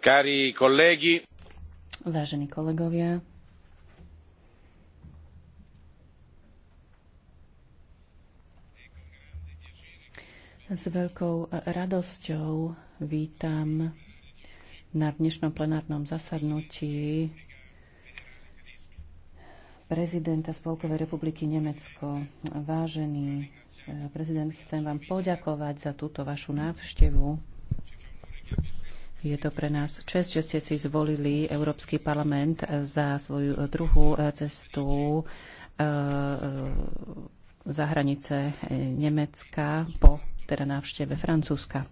Cari colleghi, Vážení kolegovia, s veľkou radosťou vítam na dnešnom plenárnom zasadnutí prezidenta Spolkovej republiky Nemecko. Vážený eh, prezident, chcem vám poďakovať za túto vašu návštevu. Je to pre nás čest, že ste si zvolili Európsky parlament eh, za svoju eh, druhú cestu za hranice Nemecka po teda návšteve Francúzska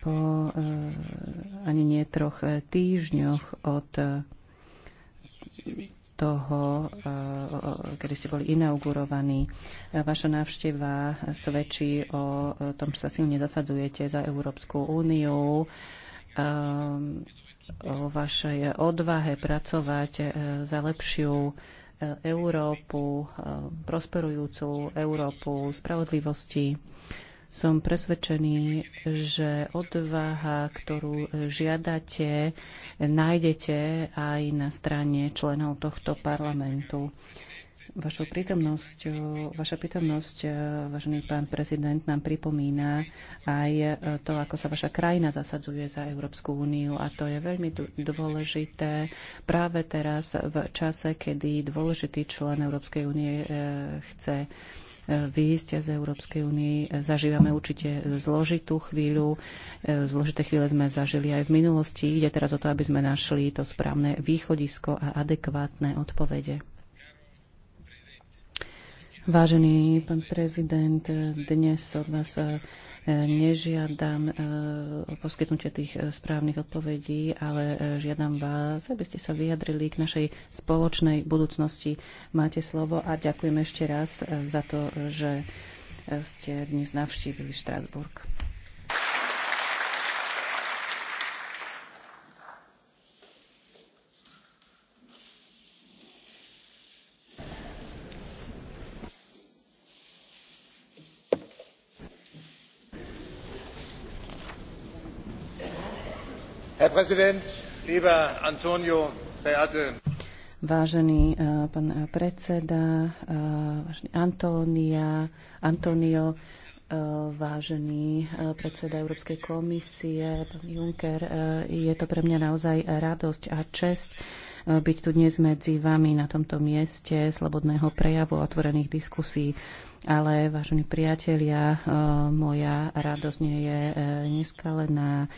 po ani nie troch týždňoch od toho, eh, kedy ste boli inaugurovaní. Eh, vaša návšteva svedčí o eh, tom, že sa silne zasadzujete za Európsku úniu, o vašej odvahe pracovať za lepšiu Európu, prosperujúcu Európu spravodlivosti. Som presvedčený, že odvaha, ktorú žiadate, nájdete aj na strane členov tohto parlamentu vašou prítomnosť, eh, vaša prítomnosť, eh, vážený pán prezident, nám pripomína aj eh, to, ako sa vaša krajina zasadzuje za Európsku úniu a to je veľmi dôležité práve teraz v čase, kedy dôležitý člen Európskej únie chce výjsť z Európskej únie. Zažívame určite zložitú chvíľu. Zložité chvíle sme zažili aj v minulosti. Ide teraz o to, aby sme našli to správne východisko a adekvátne odpovede. Vážený pán prezident, dnes od vás eh, nežiadam eh, o poskytnutie tých eh, správnych odpovedí, ale žiadam vás, aby ste sa vyjadrili k našej spoločnej budúcnosti. Máte slovo a ďakujem ešte raz za to, že ste dnes navštívili Štrásburg. Herr Präsident, lieber Antonio, verehrte Vážený eh, pán eh, predseda, eh, vážený Antonia, Antonio, vážený predseda Európskej komisie, pán Juncker, je to pre mňa naozaj radosť a čest byť tu dnes medzi vami na tomto mieste slobodného prejavu otvorených diskusí. Ale, vážení priatelia, moja radosť nie je neskalená.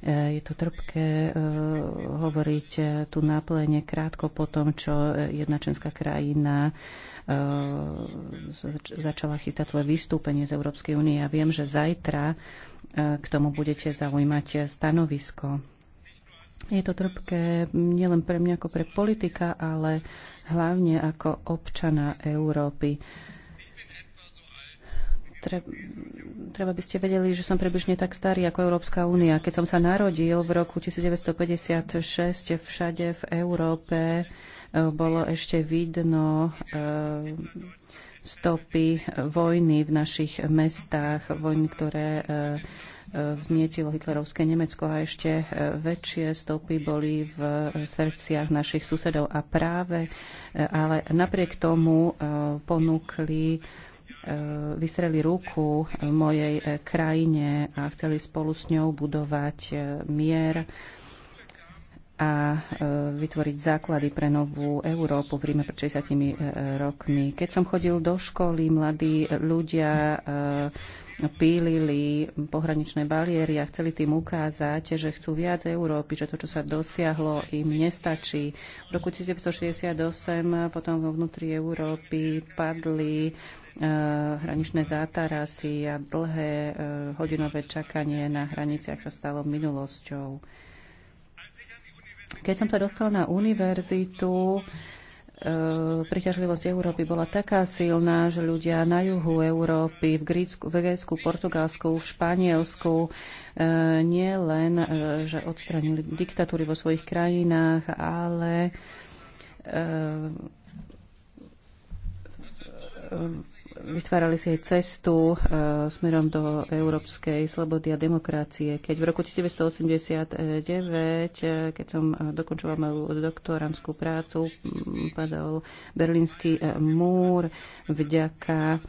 Eh, je to trpké eh, hovoriť eh, tu na krátko po tom, čo jedna členská krajina začala chystať svoje vystúpenie z Európskej únie. Ja viem, že zajtra k tomu budete zaujímať stanovisko. Je to trpké nielen pre mňa ako pre politika, ale hlavne ako občana Európy treba by ste vedeli, že som približne tak starý ako Európska únia. Keď som sa narodil v roku 1956, všade v Európe eh, bolo ešte vidno eh, stopy vojny v našich mestách, vojny, ktoré eh, vznietilo hitlerovské Nemecko a ešte väčšie stopy boli v srdciach našich susedov a práve, ale napriek tomu ponúkli E, vystreli ruku mojej e, krajine a chceli spolu s ňou budovať e, mier, a e, vytvoriť základy pre novú Európu v Ríme pred 60 e, rokmi. Keď som chodil do školy, mladí ľudia e, pílili pohraničné bariéry a chceli tým ukázať, že chcú viac Európy, že to, čo sa dosiahlo, im nestačí. V roku 1968 potom vo vnútri Európy padli hraničné zátarasy a dlhé hodinové čakanie na hraniciach sa stalo minulosťou. Keď som to dostala na univerzitu, e, priťažlivosť Európy bola taká silná, že ľudia na juhu Európy, v Grécku, v Grécku Portugalsku, v Španielsku e, nie len, e, že odstranili diktatúry vo svojich krajinách, ale vytvárali si aj cestu e, smerom do európskej slobody a demokracie. Keď v roku 1989, e, keď som e, dokončoval moju doktorantskú prácu, padol berlínsky múr vďaka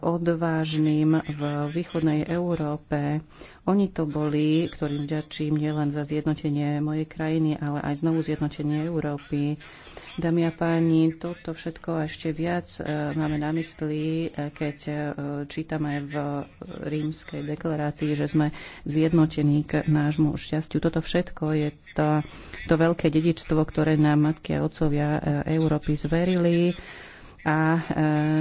odvážnym v východnej Európe. Oni to boli, ktorým ďačím nielen za zjednotenie mojej krajiny, ale aj znovu zjednotenie Európy. Dámy a páni, toto všetko a ešte viac e, máme na mysli, e, keď e, čítame v rímskej deklarácii, že sme zjednotení k nášmu šťastiu. Toto všetko je to, to veľké dedičstvo, ktoré nám matky a otcovia Európy zverili a e,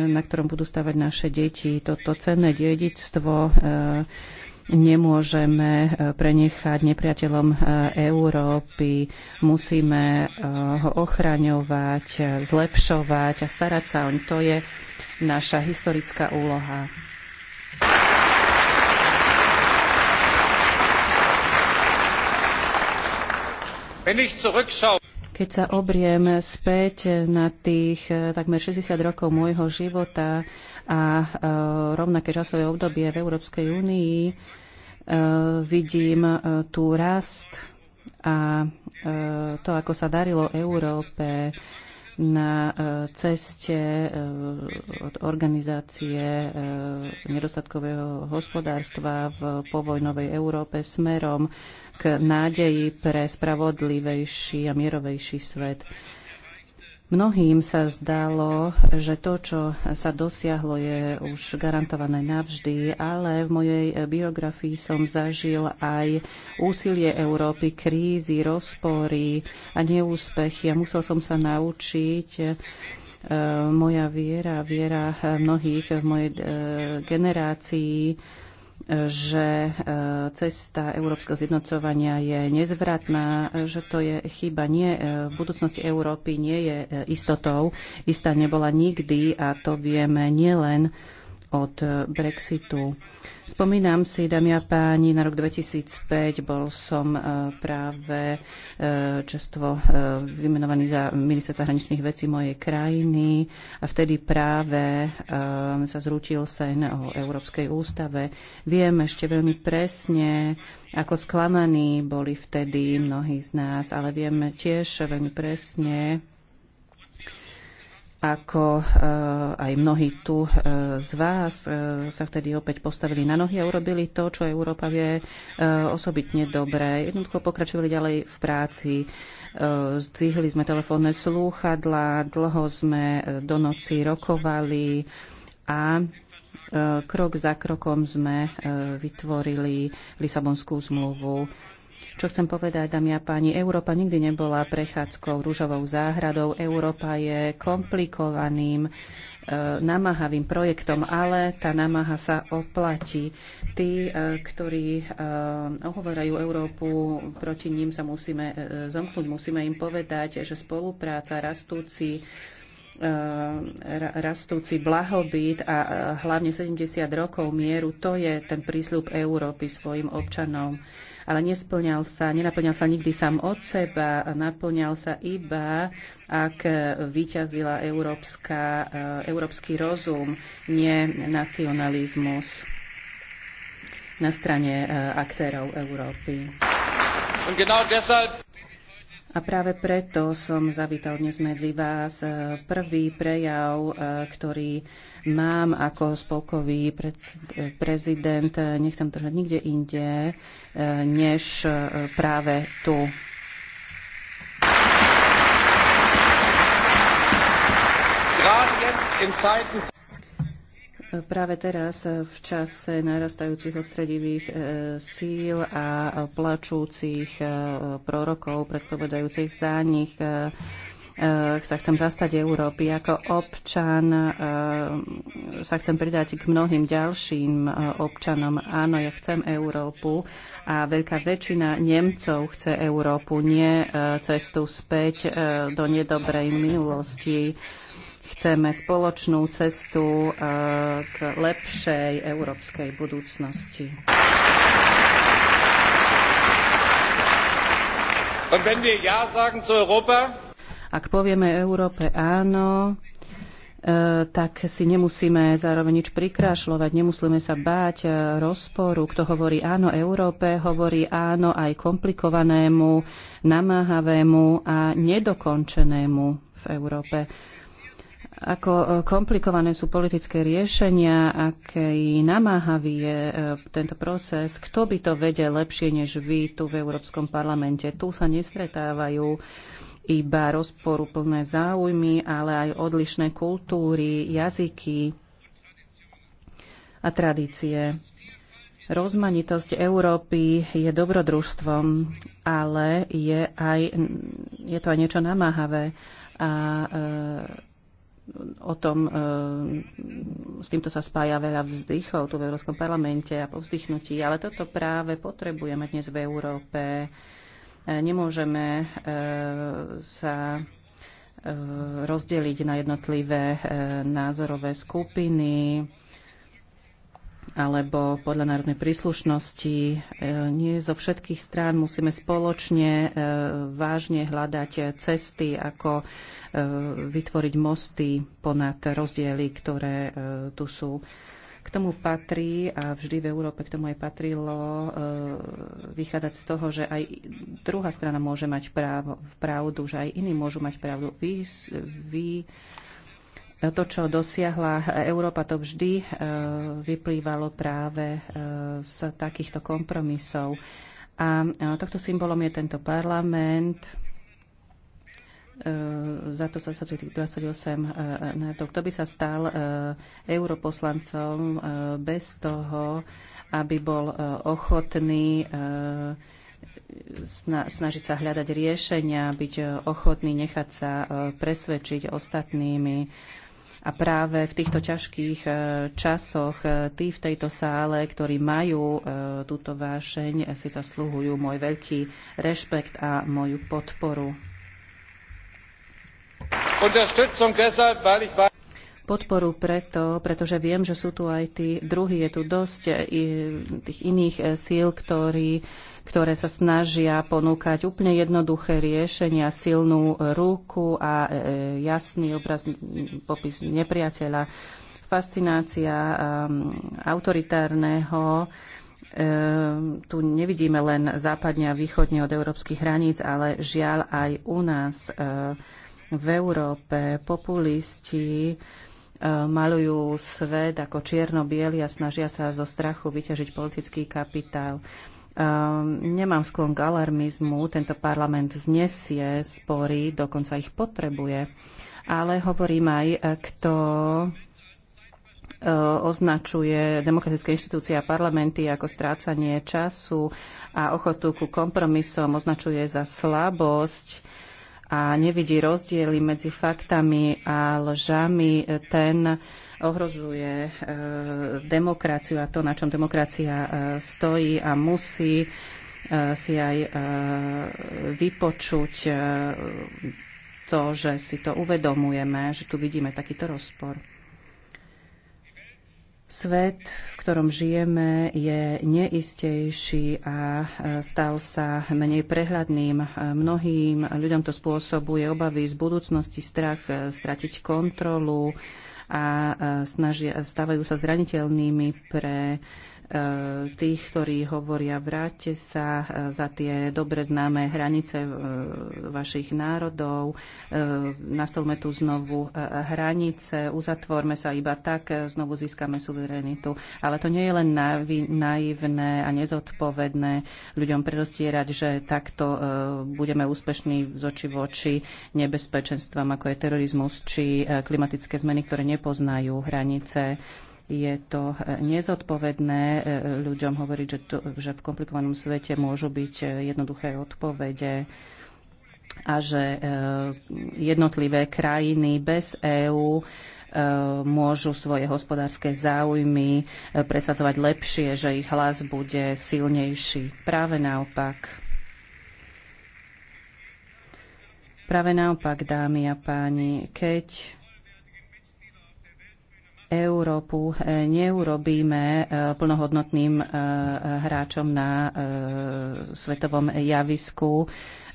na ktorom budú stavať naše deti. Toto cenné dedičstvo e, nemôžeme e, prenechať nepriateľom Európy. Musíme ho ochraňovať, zlepšovať a starať sa oň. To je naša historická úloha. Wenn ich zurückschaue, keď sa obriem späť na tých e, takmer 60 rokov môjho života a e, rovnaké časové obdobie v Európskej únii, e, vidím tu rast a to, ako sa darilo Európe, na eh, ceste eh, od organizácie eh, nedostatkového hospodárstva v povojnovej Európe smerom k nádeji pre spravodlivejší a mierovejší svet. Mnohým sa zdalo, že to, čo sa dosiahlo, je už garantované navždy, ale v mojej biografii som zažil aj úsilie Európy, krízy, rozpory a neúspechy. A musel som sa naučiť e, moja viera, viera mnohých v mojej e, generácii, že e, cesta európskeho zjednocovania je nezvratná, že to je chyba. Nie, e, budúcnosť Európy nie je e, istotou. Istá nebola nikdy a to vieme nielen od Brexitu. Spomínam si, dámy a páni, na rok 2005 bol som e, práve e, často e, vymenovaný za minister zahraničných vecí mojej krajiny a vtedy práve sa zrútil sen o Európskej ústave. Viem ešte veľmi presne, ako sklamaní boli vtedy mnohí z nás, ale viem tiež veľmi presne, ako e, aj mnohí tu e, z vás e, sa vtedy opäť postavili na nohy a urobili to, čo Európa vie osobitne dobre. Jednoducho pokračovali ďalej v práci. Zdvihli sme telefónne slúchadla, dlho sme do noci rokovali a krok za krokom sme vytvorili Lisabonskú zmluvu čo chcem povedať, dámy a páni, Európa nikdy nebola prechádzkou rúžovou záhradou. Európa je komplikovaným e, namáhavým projektom, ale tá námaha sa oplatí. Tí, e, ktorí e, ohovorajú Európu, proti ním sa musíme zomknúť, musíme im povedať, že spolupráca, rastúci Eh, rastúci blahobyt a eh, hlavne 70 rokov mieru, to je ten prísľub Európy svojim občanom. Ale nesplňal sa, nenaplňal sa nikdy sám od seba, naplňal sa iba, ak eh, vyťazila európska, európsky rozum, nie nacionalizmus na strane aktérov Európy. Und genau deshalb a práve preto som zavítal dnes medzi vás e, prvý prejav, e, ktorý mám ako spolkový e, prezident. Nechcem držať nikde inde, než práve tu. Gerade jetzt in Zeiten práve teraz eh, v čase narastajúcich odstredivých eh, síl a plačúcich eh, prorokov, predpovedajúcich za nich, sa chcem zastať Európy. Ako občan sa chcem pridať k mnohým ďalším občanom. Áno, ja chcem Európu a veľká väčšina Nemcov chce Európu, nie cestu späť do nedobrej minulosti Chceme spoločnú cestu eh, k lepšej európskej budúcnosti. Und wenn wir ja sagen zu Europa, ak povieme Európe áno, eh, tak si nemusíme zároveň nič prikrášľovať, nemusíme sa báť eh, rozporu. Kto hovorí áno Európe, hovorí áno aj komplikovanému, namáhavému a nedokončenému v Európe ako e, komplikované sú politické riešenia, aký namáhavý je e, tento proces. Kto by to vedel lepšie než vy tu v Európskom parlamente? Tu sa nestretávajú iba rozporuplné záujmy, ale aj odlišné kultúry, jazyky a tradície. Rozmanitosť Európy je dobrodružstvom, ale je, aj, je to aj niečo namáhavé a e, o tom, e, s týmto sa spája veľa vzdychov tu v Európskom parlamente a povzdychnutí, ale toto práve potrebujeme dnes v Európe. E, nemôžeme e, sa rozdeliť na jednotlivé názorové skupiny, alebo podľa národnej príslušnosti. E, nie zo všetkých strán musíme spoločne e, vážne hľadať cesty, ako e, vytvoriť mosty ponad rozdiely, ktoré tu sú. K tomu patrí, a vždy v Európe k tomu aj patrilo, vychádzať z toho, že aj druhá strana môže mať právo, pravdu, že aj iní môžu mať pravdu. Vy, vy to, čo dosiahla Európa, to vždy e, vyplývalo práve e, z takýchto kompromisov. A e, tohto symbolom je tento parlament. Za to sa tých 28 to, Kto by sa stal europoslancom bez toho, aby bol ochotný snažiť sa hľadať riešenia, byť ochotný nechať sa presvedčiť ostatnými a práve v týchto ťažkých e, časoch e, tí v tejto sále, ktorí majú e, túto vášeň, si zasluhujú môj veľký rešpekt a moju podporu. Unterstützung deshalb, weil ich podporu preto, pretože viem, že sú tu aj tí druhí, je tu dosť e, tých iných e, síl, ktorí, ktoré sa snažia ponúkať úplne jednoduché riešenia, silnú ruku a e, jasný obraz, popis nepriateľa, fascinácia autoritárneho tu nevidíme len západne a východne od európskych hraníc, ale žiaľ aj u nás v Európe populisti E, malujú svet ako čierno-biely a snažia sa zo strachu vyťažiť politický kapitál. E, nemám sklon k alarmizmu, tento parlament znesie spory, dokonca ich potrebuje, ale hovorím aj, e, kto označuje demokratické inštitúcie a parlamenty ako strácanie času a ochotu ku kompromisom označuje za slabosť a nevidí rozdiely medzi faktami a lžami, ten ohrozuje e, demokraciu a to, na čom demokracia e, stojí a musí e, si aj vypočuť to, že si to uvedomujeme, že tu vidíme takýto rozpor. Svet, v ktorom žijeme, je neistejší a e, stal sa menej prehľadným. E, mnohým ľuďom to spôsobuje obavy z budúcnosti, strach e, stratiť kontrolu a snažia, stávajú sa zraniteľnými pre E, tých, ktorí hovoria vráťte sa e, za tie dobre známe hranice e, vašich národov, nastolme tu znovu hranice, uzatvorme sa iba tak, znovu získame suverenitu. Ale to nie je len naivné a nezodpovedné ľuďom prerostierať, že takto budeme úspešní z oči v oči nebezpečenstvám, ako je terorizmus či klimatické zmeny, ktoré nepoznajú hranice je to e, nezodpovedné e, ľuďom hovoriť, že, to, že v komplikovanom svete môžu byť e, jednoduché odpovede a že jednotlivé krajiny bez EÚ môžu svoje hospodárske záujmy presadzovať lepšie, že ich hlas bude silnejší. Práve naopak. Práve naopak, dámy a páni, keď Európu e, neurobíme e, plnohodnotným e, hráčom na svetovom javisku.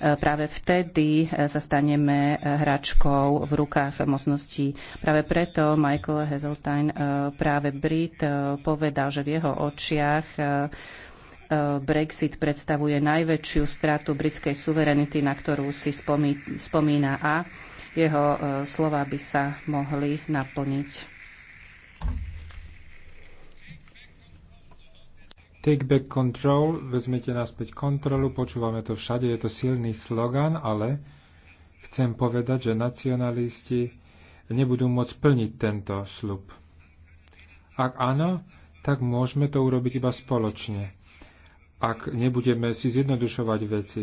Práve vtedy sa staneme hračkou v rukách mocností. Práve preto Michael Heseltine, práve Brit, povedal, že v jeho očiach Brexit predstavuje najväčšiu stratu britskej suverenity, na ktorú si spomína a jeho slova by sa mohli naplniť. Take back control, vezmete naspäť kontrolu, počúvame to všade, je to silný slogan, ale chcem povedať, že nacionalisti nebudú môcť plniť tento slub. Ak áno, tak môžeme to urobiť iba spoločne. Ak nebudeme si zjednodušovať veci,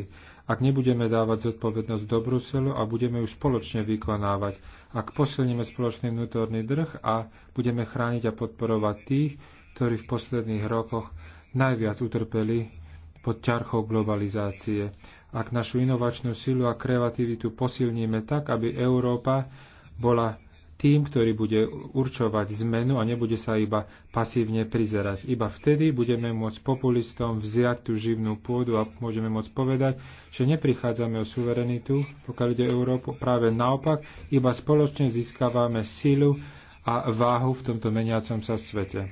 ak nebudeme dávať zodpovednosť do Bruselu a budeme ju spoločne vykonávať, ak posilníme spoločný vnútorný drh a budeme chrániť a podporovať tých, ktorí v posledných rokoch najviac utrpeli pod ťarchou globalizácie. Ak našu inovačnú silu a kreativitu posilníme tak, aby Európa bola tým, ktorý bude určovať zmenu a nebude sa iba pasívne prizerať. Iba vtedy budeme môcť populistom vziať tú živnú pôdu a môžeme môcť povedať, že neprichádzame o suverenitu, pokiaľ ide o Európu, práve naopak, iba spoločne získavame silu a váhu v tomto meniacom sa svete.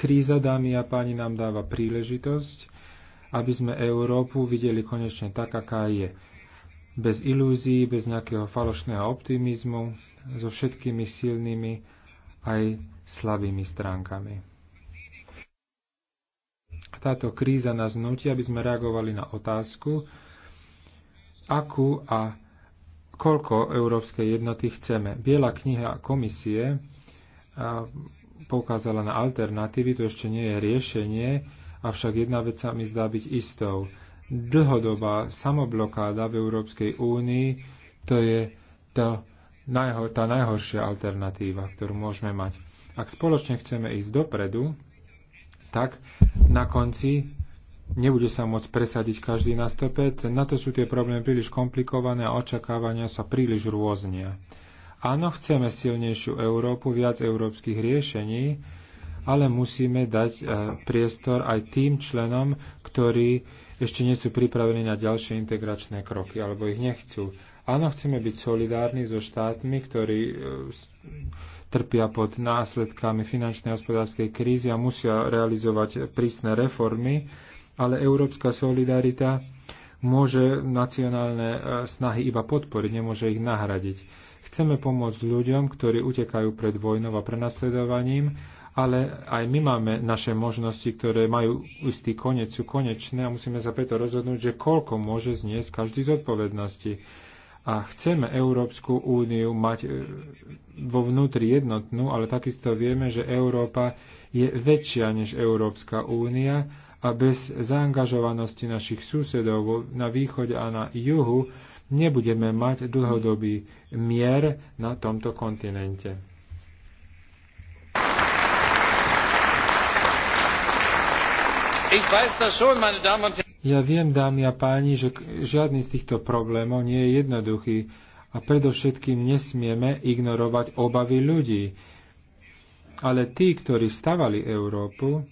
Kríza, dámy a páni, nám dáva príležitosť aby sme Európu videli konečne tak, aká je. Bez ilúzií, bez nejakého falošného optimizmu, so všetkými silnými aj slabými stránkami. Táto kríza nás nutí, aby sme reagovali na otázku, akú a koľko európskej jednoty chceme. Biela kniha komisie poukázala na alternatívy, to ešte nie je riešenie, Avšak jedna vec sa mi zdá byť istou. Dlhodobá samoblokáda v Európskej únii to je to najhor, tá najhoršia alternatíva, ktorú môžeme mať. Ak spoločne chceme ísť dopredu, tak na konci nebude sa môcť presadiť každý na 100%. Na to sú tie problémy príliš komplikované a očakávania sa príliš rôznia. Áno, chceme silnejšiu Európu, viac európskych riešení, ale musíme dať e, priestor aj tým členom, ktorí ešte nie sú pripravení na ďalšie integračné kroky alebo ich nechcú. Áno, chceme byť solidárni so štátmi, ktorí e, trpia pod následkami finančnej a hospodárskej krízy a musia realizovať prísne reformy, ale európska solidarita môže nacionálne e, snahy iba podporiť, nemôže ich nahradiť. Chceme pomôcť ľuďom, ktorí utekajú pred vojnou a prenasledovaním ale aj my máme naše možnosti, ktoré majú istý koniec, sú konečné a musíme sa preto rozhodnúť, že koľko môže zniesť každý zodpovednosti. A chceme Európsku úniu mať e, vo vnútri jednotnú, ale takisto vieme, že Európa je väčšia než Európska únia a bez zaangažovanosti našich susedov na východe a na juhu nebudeme mať dlhodobý mier na tomto kontinente. Ja viem, dámy a páni, že žiadny z týchto problémov nie je jednoduchý a predovšetkým nesmieme ignorovať obavy ľudí. Ale tí, ktorí stavali Európu,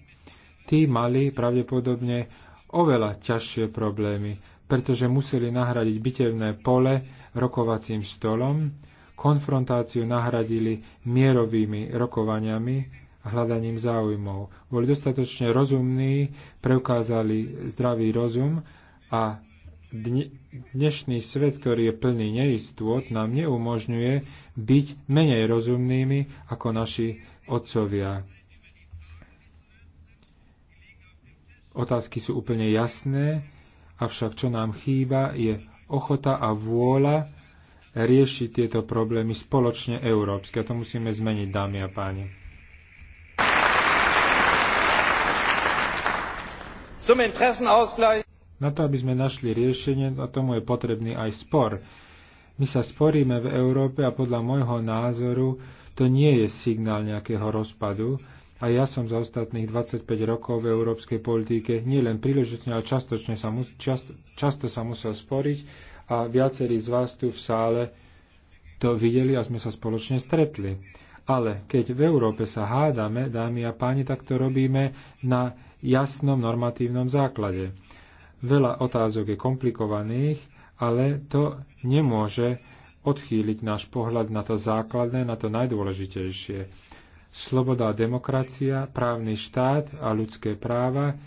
tí mali pravdepodobne oveľa ťažšie problémy, pretože museli nahradiť bitevné pole rokovacím stolom, konfrontáciu nahradili mierovými rokovaniami, hľadaním záujmov. Boli dostatočne rozumní, preukázali zdravý rozum a dnešný svet, ktorý je plný neistôt, nám neumožňuje byť menej rozumnými ako naši otcovia. Otázky sú úplne jasné, avšak čo nám chýba je ochota a vôľa riešiť tieto problémy spoločne európske. A to musíme zmeniť, dámy a páni. Na to, aby sme našli riešenie, a tomu je potrebný aj spor. My sa sporíme v Európe a podľa môjho názoru to nie je signál nejakého rozpadu. A ja som za ostatných 25 rokov v európskej politike nielen príležitne, ale častočne sa mu, čast, často sa musel sporiť a viacerí z vás tu v sále to videli a sme sa spoločne stretli. Ale keď v Európe sa hádame, dámy a páni, tak to robíme na jasnom normatívnom základe. Veľa otázok je komplikovaných, ale to nemôže odchýliť náš pohľad na to základné, na to najdôležitejšie. Sloboda a demokracia, právny štát a ľudské práva,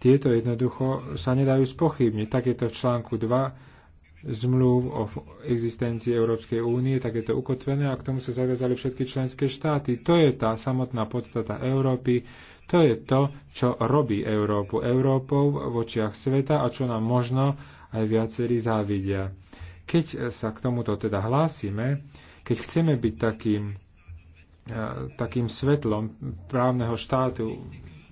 tieto jednoducho sa nedajú spochybniť. Tak je to v článku 2 zmluv o existencii Európskej únie, tak je to ukotvené a k tomu sa zaviazali všetky členské štáty. To je tá samotná podstata Európy, to je to, čo robí Európu Európou v očiach sveta a čo nám možno aj viacerí závidia. Keď sa k tomuto teda hlásime, keď chceme byť takým, e, takým svetlom právneho štátu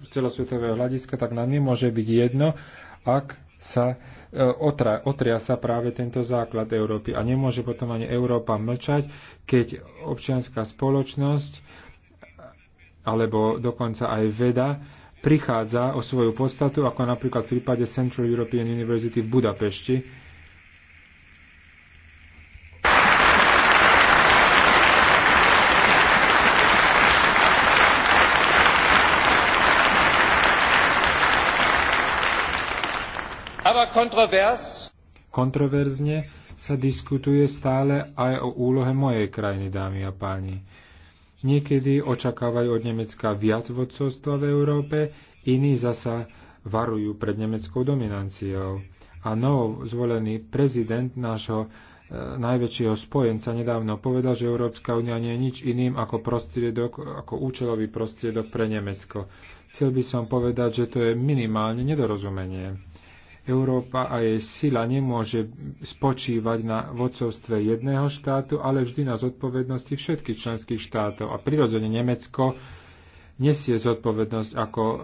z celosvetového hľadiska, tak nám nemôže byť jedno, ak sa e, otra, otria sa práve tento základ Európy. A nemôže potom ani Európa mlčať, keď občianská spoločnosť alebo dokonca aj veda, prichádza o svoju podstatu, ako napríklad v prípade Central European University v Budapešti, Kontroverzne sa diskutuje stále aj o úlohe mojej krajiny, dámy a páni. Niekedy očakávajú od Nemecka viac vodcovstva v Európe, iní zasa varujú pred nemeckou dominanciou. A nov zvolený prezident nášho e, najväčšieho spojenca nedávno povedal, že Európska únia nie je nič iným ako, prostriedok, ako účelový prostriedok pre Nemecko. Chcel by som povedať, že to je minimálne nedorozumenie. Európa a jej sila nemôže spočívať na vodcovstve jedného štátu, ale vždy na zodpovednosti všetkých členských štátov. A prirodzene Nemecko nesie zodpovednosť ako e,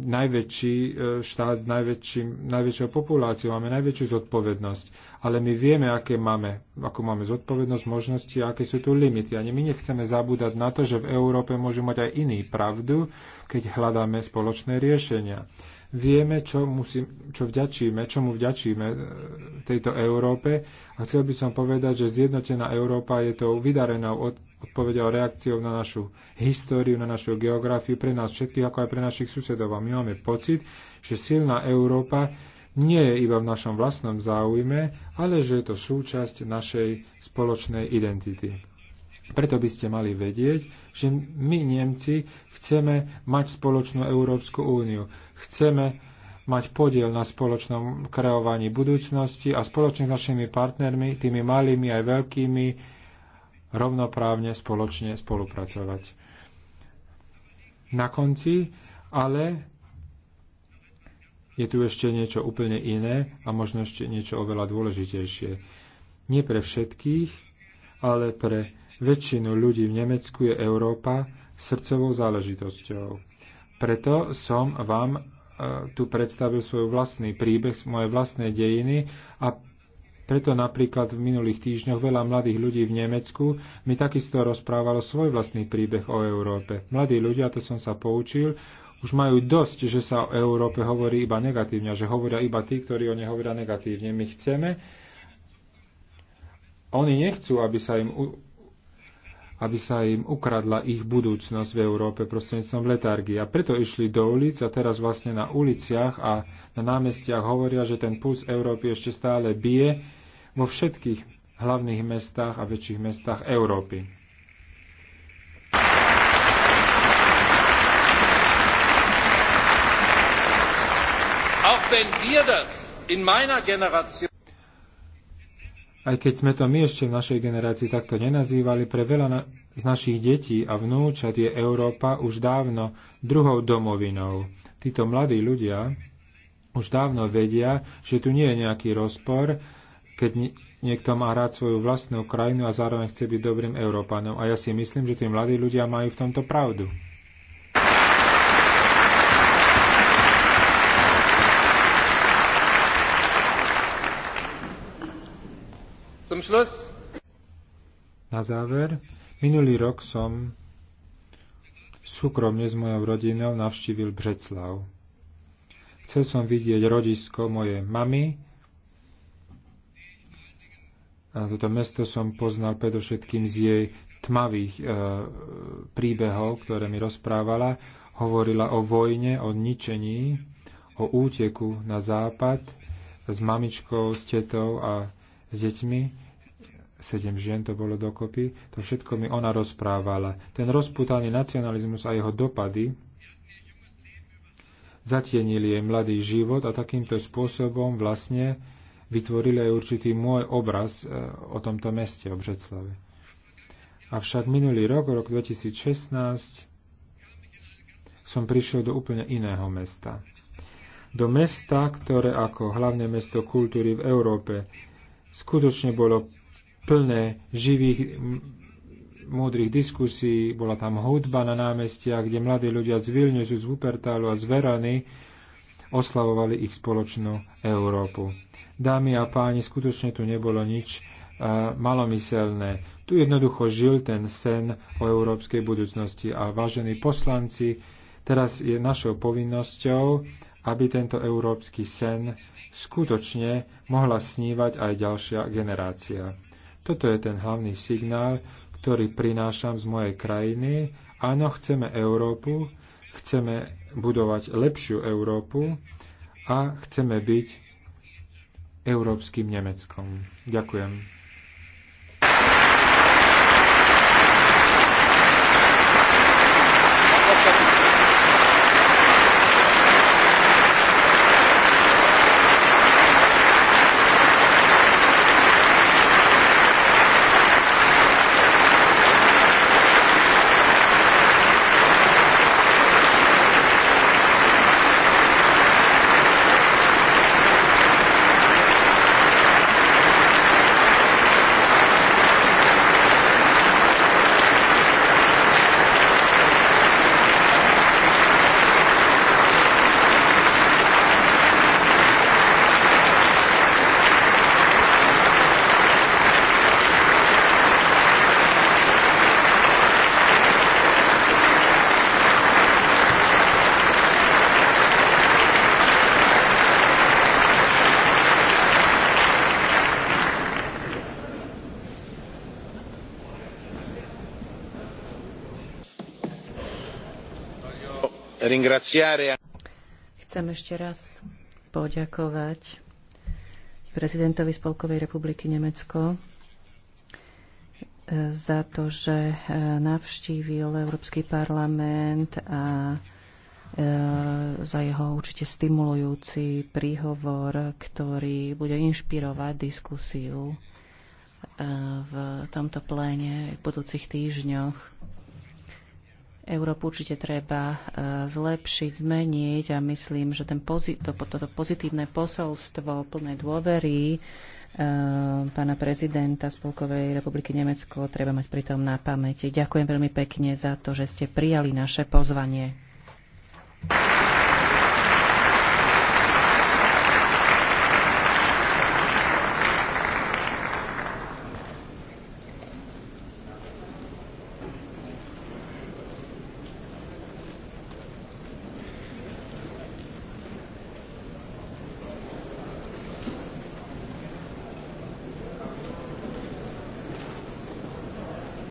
najväčší e, štát s najväčším, najväčšou populáciou. Máme najväčšiu zodpovednosť. Ale my vieme, aké máme, ako máme zodpovednosť, možnosti a aké sú tu limity. Ani my nechceme zabúdať na to, že v Európe môžu mať aj iný pravdu, keď hľadáme spoločné riešenia. Vieme, čo, musím, čo vďačíme, čomu vďačíme e, tejto Európe a chcel by som povedať, že zjednotená Európa je tou vydarenou od, odpovedou reakciou na našu históriu, na našu geografiu, pre nás všetkých, ako aj pre našich susedov. A my máme pocit, že silná Európa nie je iba v našom vlastnom záujme, ale že je to súčasť našej spoločnej identity. Preto by ste mali vedieť, že my Nemci chceme mať spoločnú Európsku úniu. Chceme mať podiel na spoločnom kreovaní budúcnosti a spoločne s našimi partnermi, tými malými aj veľkými, rovnoprávne spoločne spolupracovať. Na konci ale je tu ešte niečo úplne iné a možno ešte niečo oveľa dôležitejšie. Nie pre všetkých, ale pre väčšinu ľudí v Nemecku je Európa srdcovou záležitosťou. Preto som vám e, tu predstavil svoj vlastný príbeh, moje vlastné dejiny a preto napríklad v minulých týždňoch veľa mladých ľudí v Nemecku mi takisto rozprávalo svoj vlastný príbeh o Európe. Mladí ľudia, to som sa poučil, už majú dosť, že sa o Európe hovorí iba negatívne, že hovoria iba tí, ktorí o nej hovoria negatívne. My chceme, oni nechcú, aby sa im aby sa im ukradla ich budúcnosť v Európe prostredníctvom letargie. A preto išli do ulic a teraz vlastne na uliciach a na námestiach hovoria, že ten puls Európy ešte stále bije vo všetkých hlavných mestách a väčších mestách Európy. Auch wenn wir das in meiner Generation aj keď sme to my ešte v našej generácii takto nenazývali, pre veľa na- z našich detí a vnúčat je Európa už dávno druhou domovinou. Títo mladí ľudia už dávno vedia, že tu nie je nejaký rozpor, keď niekto má rád svoju vlastnú krajinu a zároveň chce byť dobrým Európanom. A ja si myslím, že tí mladí ľudia majú v tomto pravdu. Na záver, minulý rok som súkromne s mojou rodinou navštívil Břeclav. Chcel som vidieť rodisko mojej mamy. A toto mesto som poznal predovšetkým z jej tmavých e, príbehov, ktoré mi rozprávala. Hovorila o vojne, o ničení, o úteku na západ s mamičkou, s tetou a s deťmi sedem žien to bolo dokopy, to všetko mi ona rozprávala. Ten rozputaný nacionalizmus a jeho dopady zatienili jej mladý život a takýmto spôsobom vlastne vytvorili aj určitý môj obraz e, o tomto meste, o Břeclave. Avšak minulý rok, rok 2016, som prišiel do úplne iného mesta. Do mesta, ktoré ako hlavné mesto kultúry v Európe skutočne bolo plné živých múdrych diskusí, bola tam hudba na námestiach, kde mladí ľudia z Vilniusu, z Wuppertalu a z Verany oslavovali ich spoločnú Európu. Dámy a páni, skutočne tu nebolo nič uh, malomyselné. Tu jednoducho žil ten sen o európskej budúcnosti a vážení poslanci, teraz je našou povinnosťou, aby tento európsky sen skutočne mohla snívať aj ďalšia generácia. Toto je ten hlavný signál, ktorý prinášam z mojej krajiny. Áno, chceme Európu, chceme budovať lepšiu Európu a chceme byť európskym Nemeckom. Ďakujem. Chcem ešte raz poďakovať prezidentovi Spolkovej republiky Nemecko e, za to, že e, navštívil Európsky parlament a e, za jeho určite stimulujúci príhovor, ktorý bude inšpirovať diskusiu v tomto pléne v budúcich týždňoch. Európu určite treba e, zlepšiť, zmeniť a myslím, že ten pozit- to, toto pozitívne posolstvo plné dôvery e, pána prezidenta Spolkovej republiky Nemecko treba mať pritom na pamäti. Ďakujem veľmi pekne za to, že ste prijali naše pozvanie.